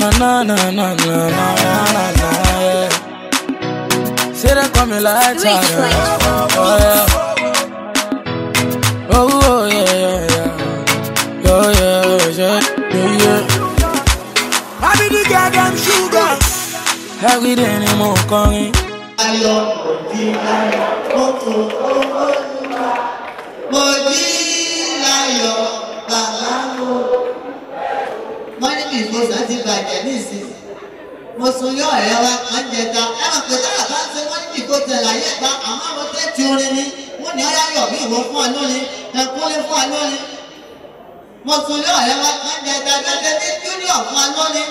na na na na na na na na yeah. Say that come like Tara. Oh oh, oh, oh, oh yeah. Oh, oh yeah yeah yeah. Oh yeah yeah yeah yeah. I be the goddamn sugar. Every day ni mo kọrin. Ayọ̀ òdì ayọ̀ mo tún owó ìgbà. Mo jí láyọ̀ bàbá mo. mi ìfọ̀sà ti bàjẹ́ nísìnyí mo sun yọ ẹ̀rọ wa kan jẹta ẹran pé táyà bá ń ṣe wọ́n níbi kó tẹ̀ láyé ẹ̀gbá àmọ́ àwọn tẹ́ ti orin ni wọ́n ní ọ̀yá yọ̀ mí ìwọ fún ọlọ́rin ẹ̀kúnlé fún ọlọ́rin mo sun yọ ẹ̀rọ wa kan jẹta gẹ́gẹ́ bí junior fún ọlọ́rin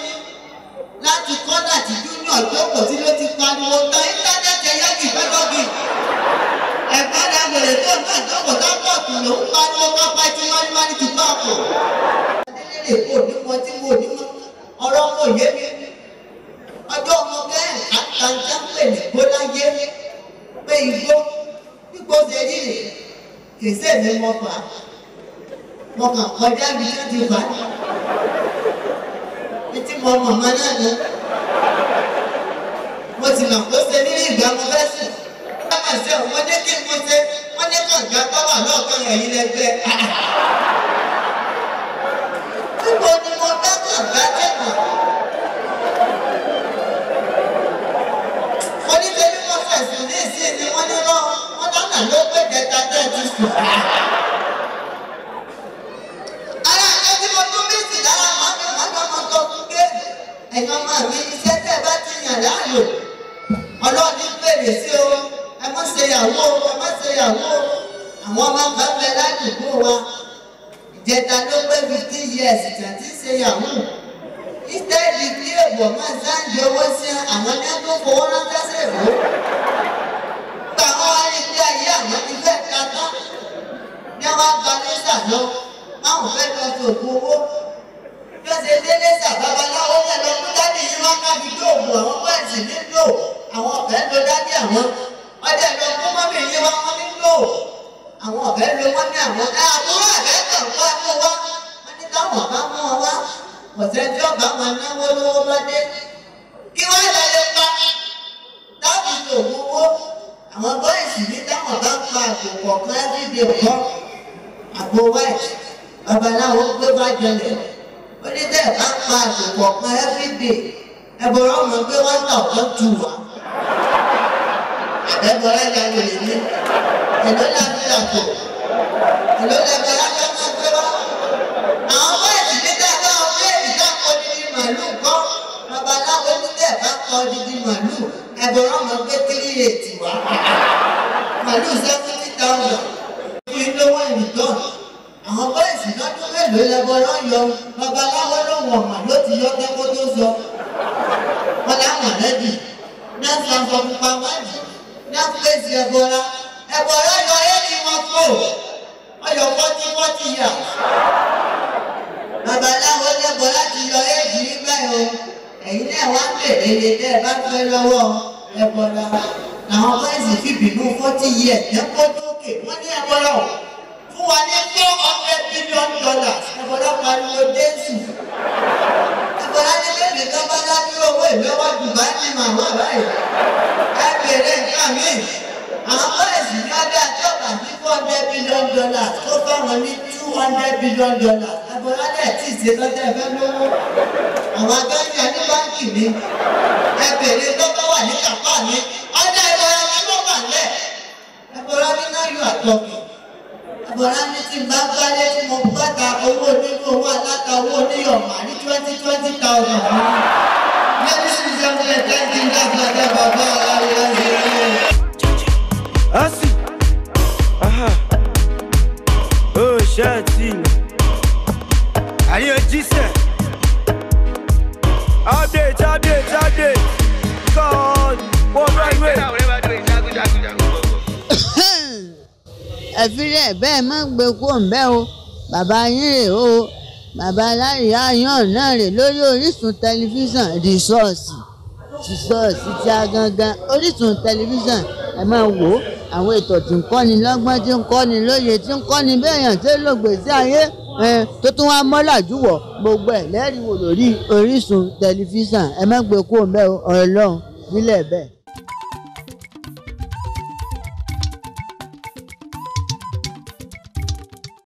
láti kọ́nà tí junior jókòó tí ló ti pariwo tán íńtánẹ́ẹ̀tì ẹ̀yẹ́ kì í fẹ́ lọ́gì ẹ̀gbọ́dà wèrè tó náà jókòó tó pọ̀ tù ló ń pariwo pápá tí kèsè mi mọ fà mo kàn kọjá mi ló ti fà etí mo màmá náà ni mo ti mọ̀ kó ṣe nínú ìgbà mo bẹ́ sùn bábà ṣe ọmọdé kí n mo ṣe wọ́n ní kànga bábà náà kan yàn yín lẹ́gbẹ́. Níbo ni mo bá kànga tẹ̀ ni wọ́n ní lọ́wọ́ wọ́n ara ẹ tí mo tún méjì lára máa mi wọ́n lọ́mọ tó fún géèmù ẹ̀yin ọmọ mi iṣẹ́ tẹ́ bá ti yàn láàyò ọlọ́run ní bèrè sí o ẹ má ṣe yàwó o ẹ má ṣe yàwó o àwọn ọmọ kan bẹ ládùúgbò wa ìjẹta ló pé fifty years ìjà ń ṣe owó sí àwọn ẹgbẹ́ fowó ránṣẹ́ sí lọ báwo fẹ́ lọ sí òkú owó yóò ṣe délé sàbábaláwo yẹn lọ fún dádì yìí wá ká fi dóògùn àwọn pàǹsì nílò àwọn ọ̀fẹ́ lọ dádì àwọn ọdẹ lọ fún mọ́mì yìí wá wọn nílò àwọn ọ̀fẹ́ lọ wọ́n ní àwọn àbúrò àbẹ́ kan wá mú wá wọ́n ní táwọn bá mú wọn wá ọ̀sẹ̀ tí ọ̀bá wọn náwó lówó bá dé kí wọ́n lọ lè pa dábì tó owó àwọn bọ́ìsì ní táwọn bá pa àpò kọ̀ọ̀kan ẹ́ àgbo west babaláwo gbé bá jẹlẹ̀ ó ní bẹ́ẹ̀ bá pa àsìkò kan everyday ẹ̀bùrọ̀ ọmọ gbé one thousand two wa ẹ̀bùrọ̀ ẹ̀dá lè ní èló lábẹ́ àpò èló lábẹ́ lábẹ́ máa gbé wá. àwọn west ní dáadáa ọmọ èyí tá kọ níbi màlúù kọ́ babaláwo ní bẹ́ẹ̀ bá kọ níbi màlúù ẹ̀bùrọ̀ ọmọ gbé three eight wa màlúù seventy thousand. mélòó lẹ́gbọ́rọ́ yọ babaláwo lọ́wọ́ ọ̀mà ló ti yọ tẹ́kọ́ tó sọ wọn láwọn rẹ́dì nẹ́ẹ̀sì ọ̀sọ̀ pupa wájì nẹ́ẹ̀sì lẹ́sì ẹ̀gbọ́ra ẹ̀gbọ́rọ́ yọ ẹ̀rí wọn kó ọyọ fọ́tí fọ́tí yà babaláwo lẹ́gbọ́ra ti yọ ẹ̀jì nígbà yọ ẹ̀yin náà wá bèrè lè dẹ́ ẹ bá fẹ́ lọ́wọ́ ẹ̀gbọ́ra làwọn fẹ́ẹ̀sì fìbínú fọ́tí yẹ ẹ̀kọ́ tó kè wọ́n ní ẹ̀gbọ́ra fún wa ní four hundred billion dollars ìfọdà pariwo déésì ìfọdà délé lè lọ́ba dájú owó ìlọ́wọ́ dubai ní màmá báyìí ẹ bèrè nǹkan mi àwọn bọ́ọ̀sì lábẹ́ àjọba ní four hundred billion dollars tó fáwọn ní two hundred billion dollars ìfọdà dẹ̀ tí ì ṣe lọ́jọ́ ìfẹ́ lówó àwọn agbẹ́yìn ní báńkì mi ẹ bèrè lọ́ba wà ní kàpá mi ọ̀dà ìlọrin ló wà lẹ̀ ní náà yóò àtọ́kùn àgbọ̀nrán ní tí bá gbálé tí mo bùkátà owó onínú owó aláta owó oníyọ̀mà ní twenty twenty thousand. lẹ́yìn sí sẹ́wọ́n ẹ̀ tẹ́ǹtì dáadáa bàbá aláwọ̀ ẹ̀ ṣe é. Assim, aham, oh, ẹ fi rẹ̀ bẹ́ẹ̀ má gbé kó ń bẹ́ o bàbá yín rè o bàbá aláìyá yàn náà rè lórí Orísun tẹlifíṣàn rìsọ́ọ̀sì rìsọ́ọ̀sì tí a gangan Orísun tẹlifíṣàn ẹ máa wò ó àwọn ètò tí ń kọ́ni lọ́gbọ́n tí ń kọ́ni lóye tí ń kọ́ni béèyàn tí ń gbèsè ayé tó tún wá mọ́làjú gbogbo ẹ̀ lẹ́rìí wò lórí Orísun tẹlifíṣàn ẹ má gbé kó ń bẹ́ o ọ̀rọ̀ lọ́hùn nílẹ̀ bẹ́ẹ̀.